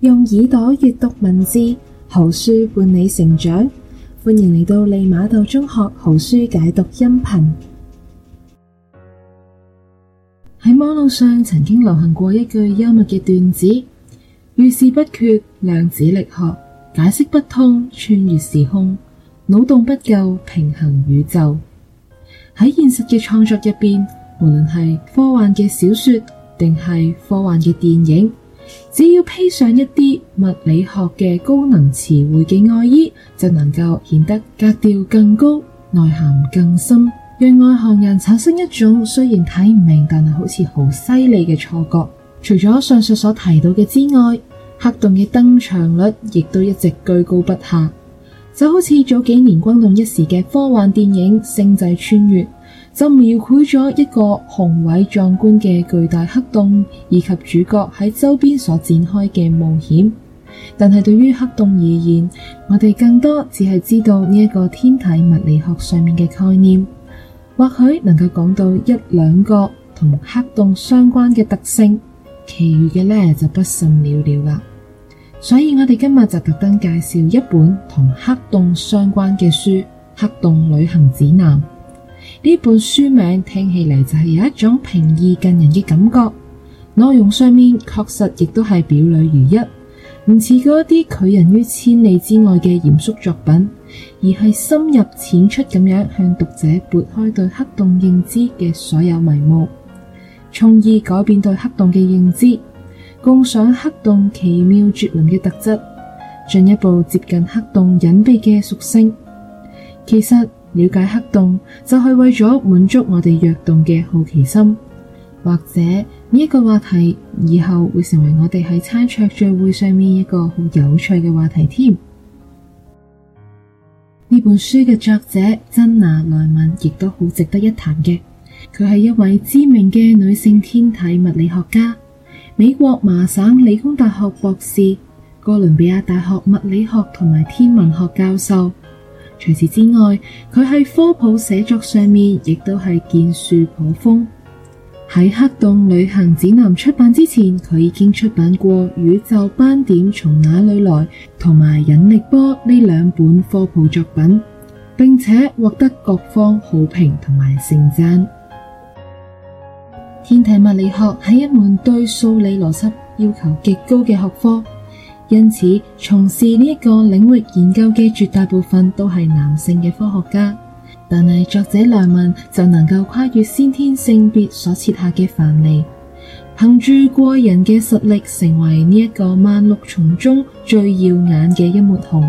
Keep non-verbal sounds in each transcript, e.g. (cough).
用耳朵閱讀文字，好書伴你成長。歡迎嚟到利瑪竇中學好書解讀音頻。喺網絡上曾經流行過一句幽默嘅段子：遇事不決，量子力學解釋不通，穿越時空腦洞不夠，平衡宇宙。喺現實嘅創作入邊，無論係科幻嘅小說，定係科幻嘅電影。只要披上一啲物理學嘅高能詞彙嘅外衣，就能夠顯得格調更高、內涵更深，讓外行人產生一種雖然睇唔明但係好似好犀利嘅錯覺。除咗上述所提到嘅之外，黑洞嘅登場率亦都一直居高不下，就好似早幾年轟動一時嘅科幻電影《星際穿越》。就描繪咗一個宏偉壯觀嘅巨大黑洞，以及主角喺周邊所展開嘅冒險。但係對於黑洞而言，我哋更多只係知道呢一個天體物理學上面嘅概念，或許能夠講到一兩個同黑洞相關嘅特性，其餘嘅呢，就不甚了了啦。所以我哋今日就特登介紹一本同黑洞相關嘅書《黑洞旅行指南》。呢本書名聽起嚟就係有一種平易近人嘅感覺，內容上面確實亦都係表裏如一，唔似嗰一啲拒人於千里之外嘅嚴肅作品，而係深入淺出咁樣向讀者撥開對黑洞認知嘅所有迷霧，從而改變對黑洞嘅認知，共享黑洞奇妙絕倫嘅特質，進一步接近黑洞隱秘嘅屬性。其實，了解黑洞就係、是、為咗滿足我哋躍動嘅好奇心，或者呢一、這個話題以後會成為我哋喺餐桌聚會上面一個好有趣嘅話題添。呢 (noise) 本書嘅作者珍娜萊文亦都好值得一談嘅，佢係一位知名嘅女性天體物理學家，美國麻省理工大學博士，哥倫比亞大學物理學同埋天文學教授。除此之外，佢喺科普寫作上面亦都係建樹頗豐。喺《黑洞旅行指南》出版之前，佢已經出版過《宇宙斑點從哪裏來》同埋《引力波》呢兩本科普作品，並且獲得各方好評同埋盛讚。天體物理學係一門對數理邏輯要求極高嘅學科。因此，從事呢一個領域研究嘅絕大部分都係男性嘅科學家。但係作者萊文就能夠跨越先天性別所設下嘅藩籬，憑住過人嘅實力，成為呢一個萬綠叢中最耀眼嘅一抹紅。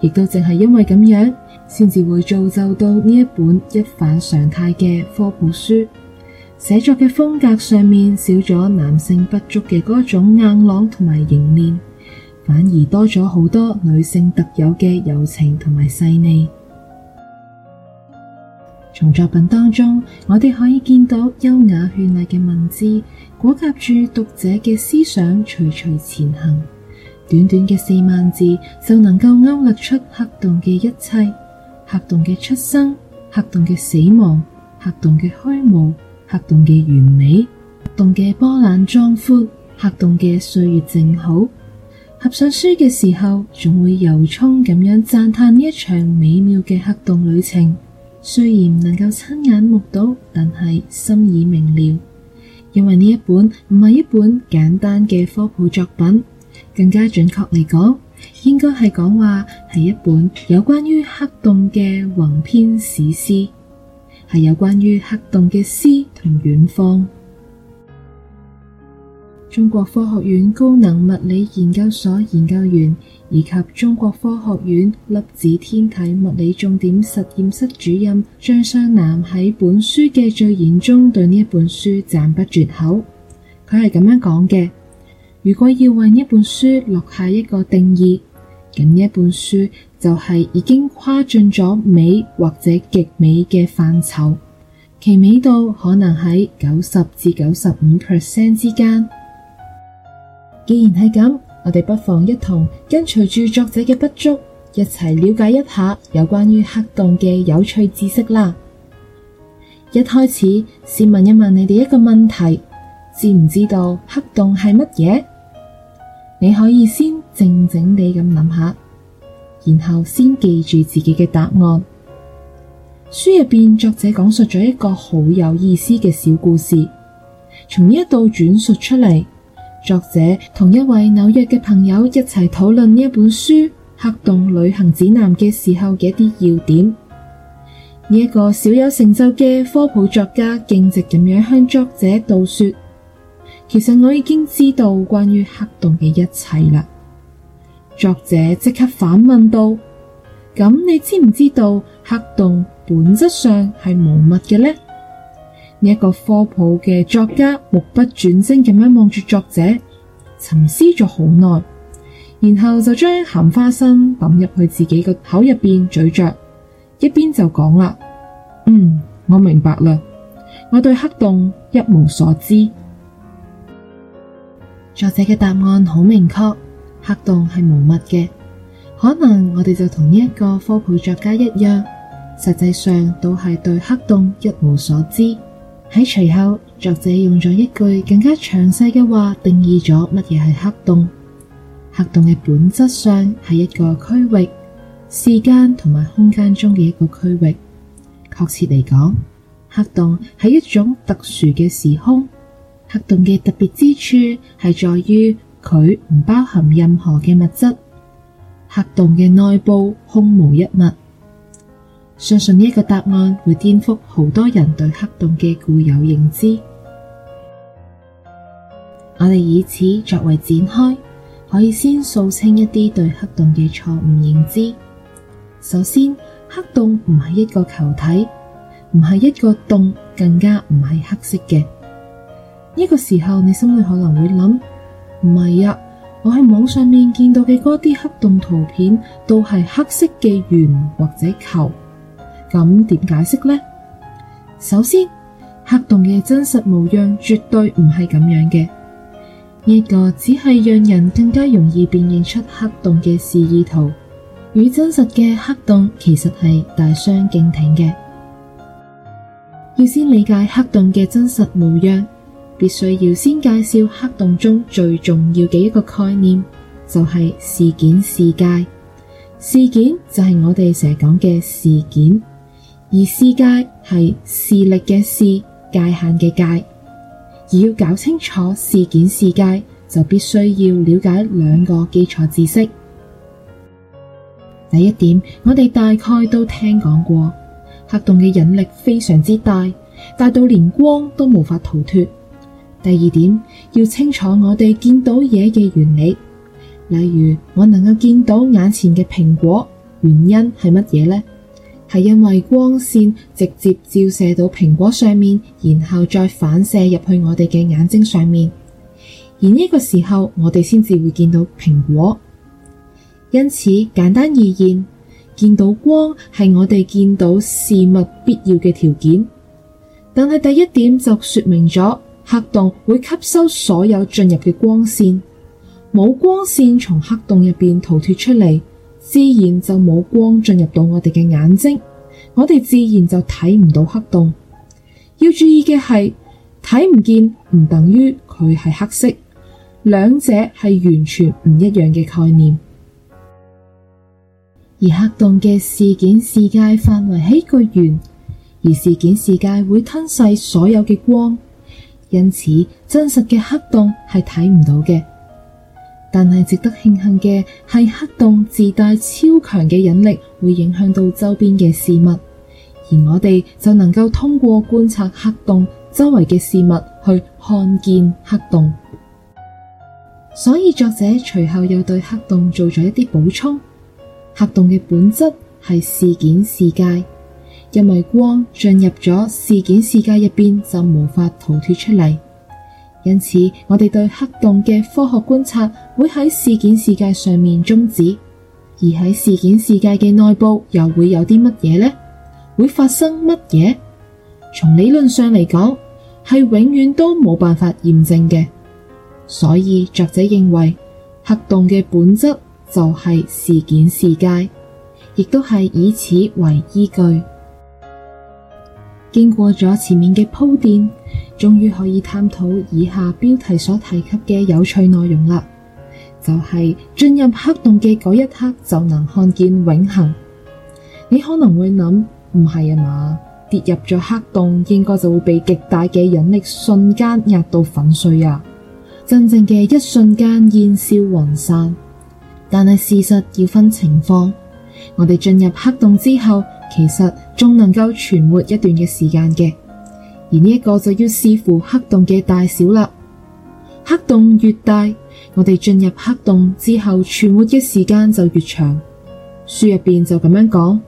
亦都正係因為咁樣，先至會造就到呢一本一反常態嘅科普書。寫作嘅風格上面，少咗男性不足嘅嗰種硬朗同埋凝練。反而多咗好多女性特有嘅柔情同埋細膩。從作品當中，我哋可以見到優雅絢麗嘅文字，裹挾住讀者嘅思想，徐徐前行。短短嘅四萬字就能夠勾勒出黑洞嘅一切，黑洞嘅出生，黑洞嘅死亡，黑洞嘅虛無，黑洞嘅完美，黑洞嘅波瀾壯闊，黑洞嘅歲月正好。合上書嘅時候，總會由衷咁樣讚嘆呢一場美妙嘅黑洞旅程。雖然不能夠親眼目睹，但係心已明了。因為呢一本唔係一本簡單嘅科普作品，更加準確嚟講，應該係講話係一本有關於黑洞嘅宏篇史詩，係有關於黑洞嘅詩同遠方。中國科學院高能物理研究所研究員以及中國科學院粒子天體物理重點實驗室主任張雙南喺本書嘅序言中對呢一本書讚不絕口。佢係咁樣講嘅：如果要為呢一本書落下一個定義，咁呢一本書就係已經跨進咗美或者極美嘅範疇，其美度可能喺九十至九十五 percent 之間。既然係咁，我哋不妨一同跟隨住作者嘅不足，一齊了解一下有關於黑洞嘅有趣知識啦。一開始，先問一問你哋一個問題：知唔知道黑洞係乜嘢？你可以先靜靜地咁諗下，然後先記住自己嘅答案。書入邊作者講述咗一個好有意思嘅小故事，從呢一度轉述出嚟。作者同一位紐約嘅朋友一齊討論呢一本書《黑洞旅行指南》嘅時候嘅一啲要點。呢一個小有成就嘅科普作家徑直咁樣向作者道說，其實我已經知道關於黑洞嘅一切啦。作者即刻反問道，咁你知唔知道黑洞本質上係無物嘅咧？呢一個科普嘅作家目不轉睛咁樣望住作者，沉思咗好耐，然後就將鹹花生抌入去自己個口入邊，咀嚼。一邊就講啦：嗯，我明白啦，我對黑洞一無所知。作者嘅答案好明確，黑洞係無物嘅，可能我哋就同呢一個科普作家一樣，實際上都係對黑洞一無所知。喺隨後，作者用咗一句更加詳細嘅話，定義咗乜嘢係黑洞。黑洞嘅本質上係一個區域，時間同埋空間中嘅一個區域。確切嚟講，黑洞係一種特殊嘅時空。黑洞嘅特別之處係在於佢唔包含任何嘅物質，黑洞嘅內部空無一物。相信呢個答案會顛覆好多人對黑洞嘅固有認知。我哋以此作為展開，可以先掃清一啲對黑洞嘅錯誤認知。首先，黑洞唔係一個球體，唔係一個洞，更加唔係黑色嘅。呢個時候，你心裏可能會諗：唔係啊，我喺網上面見到嘅嗰啲黑洞圖片都係黑色嘅圓或者球。咁點解釋呢？首先，黑洞嘅真實模樣絕對唔係咁樣嘅，呢個只係讓人更加容易辨認出黑洞嘅示意圖，與真實嘅黑洞其實係大相徑庭嘅。要先理解黑洞嘅真實模樣，必須要先介紹黑洞中最重要嘅一個概念，就係事件視界。事件就係我哋成日講嘅事件。而視界係視力嘅視，界限嘅界。而要搞清楚事件視界，就必須要了解兩個基礎知識。第一點，我哋大概都聽講過，黑洞嘅引力非常之大，大到連光都無法逃脫。第二點，要清楚我哋見到嘢嘅原理，例如我能夠見到眼前嘅蘋果，原因係乜嘢呢？係因為光線直接照射到蘋果上面，然後再反射入去我哋嘅眼睛上面，而呢個時候我哋先至會見到蘋果。因此，簡單而言，見到光係我哋見到事物必要嘅條件。但係第一點就說明咗黑洞會吸收所有進入嘅光線，冇光線從黑洞入邊逃脫出嚟。自然就冇光進入到我哋嘅眼睛，我哋自然就睇唔到黑洞。要注意嘅係，睇唔見唔等於佢係黑色，兩者係完全唔一樣嘅概念。而黑洞嘅事件視界範圍係一個圓，而事件視界會吞噬所有嘅光，因此真實嘅黑洞係睇唔到嘅。但係值得慶幸嘅係，黑洞自帶超強嘅引力，會影響到周邊嘅事物，而我哋就能夠通過觀察黑洞周圍嘅事物去看見黑洞。所以作者隨後又對黑洞做咗一啲補充：黑洞嘅本質係事件視界，因為光進入咗事件視界入邊就無法逃脫出嚟。因此，我哋對黑洞嘅科學觀察會喺事件視界上面終止，而喺事件視界嘅內部又會有啲乜嘢呢？會發生乜嘢？從理論上嚟講，係永遠都冇辦法驗證嘅。所以作者認為黑洞嘅本質就係事件視界，亦都係以此為依據。經過咗前面嘅鋪墊，終於可以探討以下標題所提及嘅有趣內容啦。就係進入黑洞嘅嗰一刻，就能看見永恒。你可能會諗，唔係啊嘛？跌入咗黑洞，應該就會被極大嘅引力瞬間壓到粉碎啊！真正嘅一瞬間煙消雲散。但係事實要分情況，我哋進入黑洞之後。其實仲能夠存活一段嘅時間嘅，而呢一個就要視乎黑洞嘅大小啦。黑洞越大，我哋進入黑洞之後存活嘅時間就越長。書入邊就咁樣講，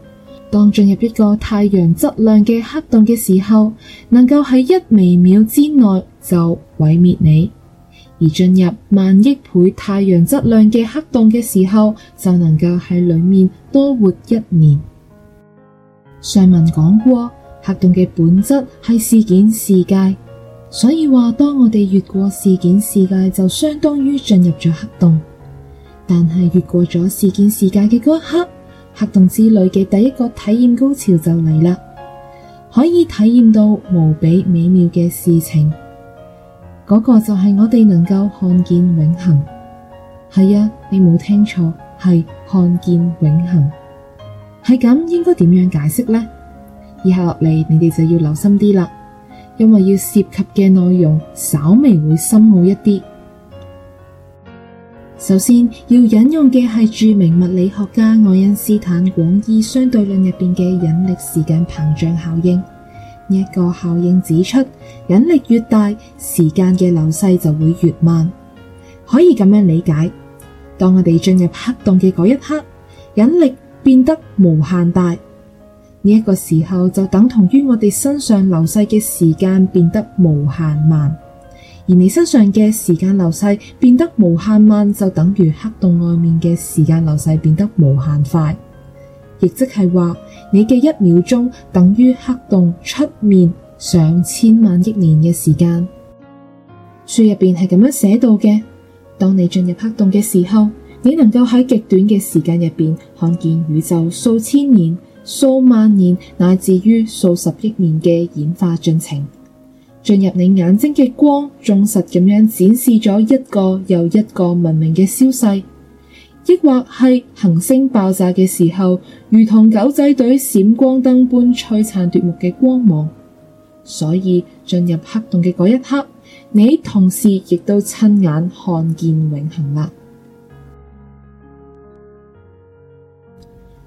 當進入一個太陽質量嘅黑洞嘅時候，能夠喺一微秒之內就毀滅你；而進入萬億倍太陽質量嘅黑洞嘅時候，就能夠喺裏面多活一年。上文講過，黑洞嘅本質係事件視界，所以話當我哋越過事件視界，就相當於進入咗黑洞。但係越過咗事件視界嘅嗰一刻，黑洞之旅嘅第一個體驗高潮就嚟啦，可以體驗到無比美妙嘅事情。嗰、那個就係我哋能夠看見永恆。係啊，你冇聽錯，係看見永恆。係咁，應該點樣解釋呢？以下落嚟，你哋就要留心啲啦，因為要涉及嘅內容稍微會深奧一啲。首先要引用嘅係著名物理學家愛因斯坦廣義相對論入邊嘅引力時間膨脹效應，一個效應指出，引力越大，時間嘅流逝就會越慢。可以咁樣理解：當我哋進入黑洞嘅嗰一刻，引力。變得無限大，呢一個時候就等同於我哋身上流逝嘅時間變得無限慢，而你身上嘅時間流逝變得無限慢，就等於黑洞外面嘅時間流逝變得無限快。亦即係話，你嘅一秒鐘等於黑洞出面上千萬億年嘅時間。書入邊係咁樣寫到嘅：當你進入黑洞嘅時候。你能夠喺極短嘅時間入邊，看見宇宙數千年、數萬年乃至於數十億年嘅演化進程。進入你眼睛嘅光，忠實咁樣展示咗一個又一個文明嘅消逝，亦或係恆星爆炸嘅時候，如同狗仔隊閃光燈般璀璨奪目嘅光芒。所以進入黑洞嘅嗰一刻，你同時亦都親眼看見永恆啦。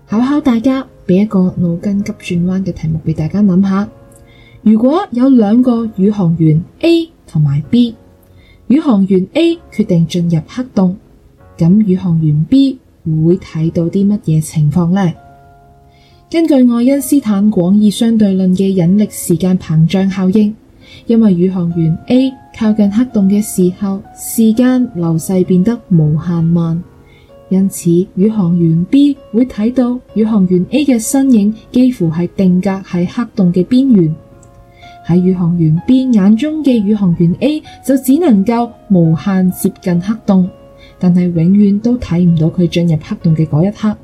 考考大家，俾一個腦筋急轉彎嘅題目俾大家諗下。如果有兩個宇航員 A 同埋 B，宇航員 A 決定進入黑洞，咁宇航員 B 會睇到啲乜嘢情況呢？根據愛因斯坦廣義相對論嘅引力時間膨脹效應，因為宇航員 A 靠近黑洞嘅時候，時間流逝變得無限慢。因此，宇航員 B 會睇到宇航員 A 嘅身影幾乎係定格喺黑洞嘅邊緣。喺宇航員 B 眼中嘅宇航員 A 就只能夠無限接近黑洞，但係永遠都睇唔到佢進入黑洞嘅嗰一刻。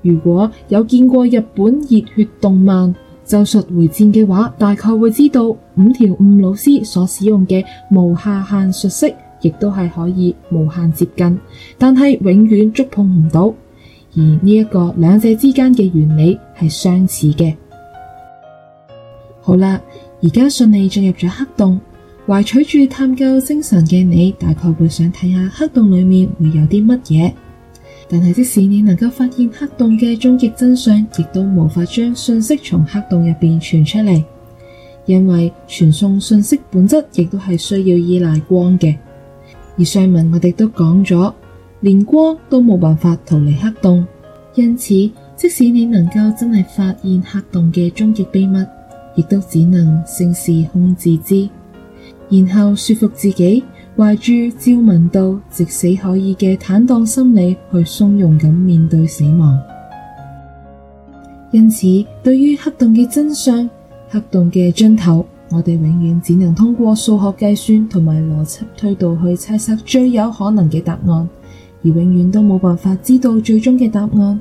如果有見過日本熱血動漫《咒術回戰》嘅話，大概會知道五條悟老師所使用嘅無下限術式。亦都係可以無限接近，但係永遠觸碰唔到。而呢一個兩者之間嘅原理係相似嘅。好啦，而家順利進入咗黑洞，懷取住探究精神嘅你，大概會想睇下黑洞裏面會有啲乜嘢。但係即使你能夠發現黑洞嘅終極真相，亦都無法將信息從黑洞入邊傳出嚟，因為傳送信息本質亦都係需要依賴光嘅。而上文我哋都講咗，連光都冇辦法逃離黑洞，因此即使你能夠真係發現黑洞嘅終極秘密，亦都只能盛事空自知。然後說服自己懷住朝聞道，夕死可以嘅坦蕩心理去從容咁面對死亡。因此，對於黑洞嘅真相、黑洞嘅盡頭。我哋永遠只能通過數學計算同埋邏輯推導去猜測最有可能嘅答案，而永遠都冇辦法知道最終嘅答案。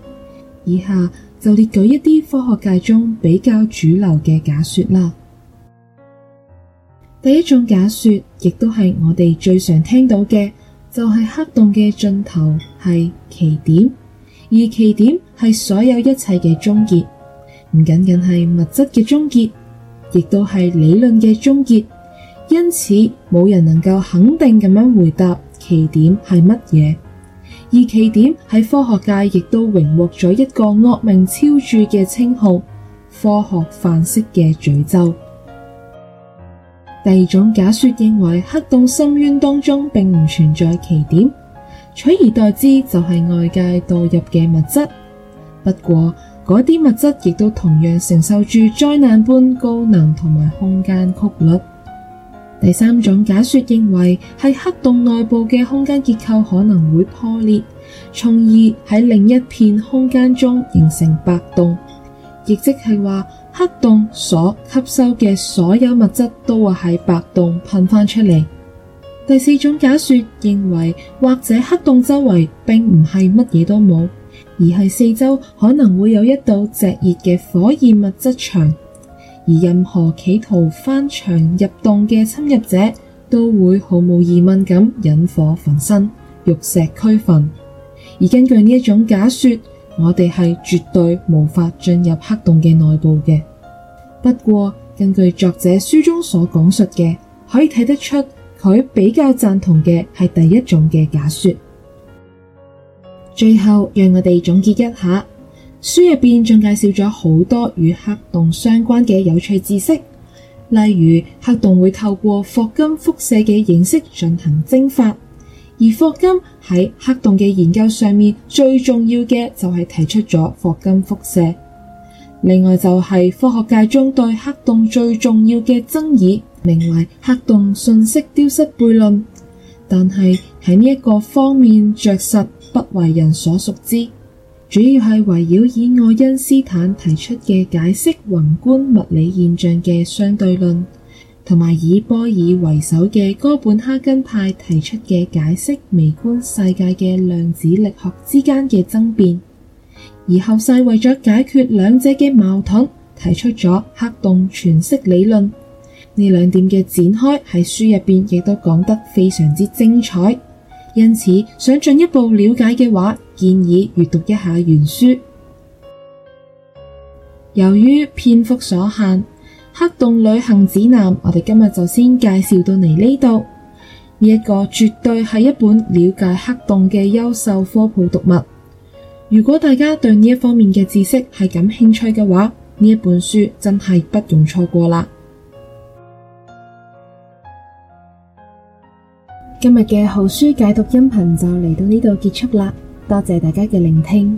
以下就列舉一啲科學界中比較主流嘅假說啦。第一種假說，亦都係我哋最常聽到嘅，就係黑洞嘅盡頭係奇點，而奇點係所有一切嘅終結，唔僅僅係物質嘅終結。亦都係理論嘅終結，因此冇人能夠肯定咁樣回答奇點係乜嘢。而奇點喺科學界亦都榮獲咗一個惡名昭著嘅稱號——科學範式嘅詛咒。第二種假說認為，黑洞深淵當中並唔存在奇點，取而代之就係外界墮入嘅物質。不過，嗰啲物質亦都同樣承受住災難般高能同埋空間曲率。第三種假說認為，係黑洞內部嘅空間結構可能會破裂，從而喺另一片空間中形成白洞，亦即係話黑洞所吸收嘅所有物質都會喺白洞噴翻出嚟。第四種假說認為，或者黑洞周圍並唔係乜嘢都冇。而係四周可能會有一道炙熱嘅火焰物質牆，而任何企圖翻牆入洞嘅侵入者都會毫無疑問咁引火焚身，玉石俱焚。而根據呢一種假說，我哋係絕對無法進入黑洞嘅內部嘅。不過，根據作者書中所講述嘅，可以睇得出佢比較贊同嘅係第一種嘅假說。最後，讓我哋總結一下，書入邊仲介紹咗好多與黑洞相關嘅有趣知識，例如黑洞會透過霍金輻射嘅形式進行蒸發，而霍金喺黑洞嘅研究上面最重要嘅就係提出咗霍金輻射。另外就係科學界中對黑洞最重要嘅爭議，名為黑洞信息丟失悖論。但係喺呢一個方面着實。不為人所熟知，主要係圍繞以愛因斯坦提出嘅解釋宏觀物理現象嘅相對論，同埋以波爾為首嘅哥本哈根派提出嘅解釋微觀世界嘅量子力學之間嘅爭辯。而後世為咗解決兩者嘅矛盾，提出咗黑洞全息理論。呢兩點嘅展開喺書入邊亦都講得非常之精彩。因此，想進一步了解嘅話，建議閱讀一下原書。由於篇幅所限，《黑洞旅行指南》，我哋今日就先介紹到嚟呢度。呢、這、一個絕對係一本了解黑洞嘅優秀科普讀物。如果大家對呢一方面嘅知識係感興趣嘅話，呢一本書真係不容錯過啦。今日嘅好書解讀音頻就嚟到呢度結束啦，多謝大家嘅聆聽。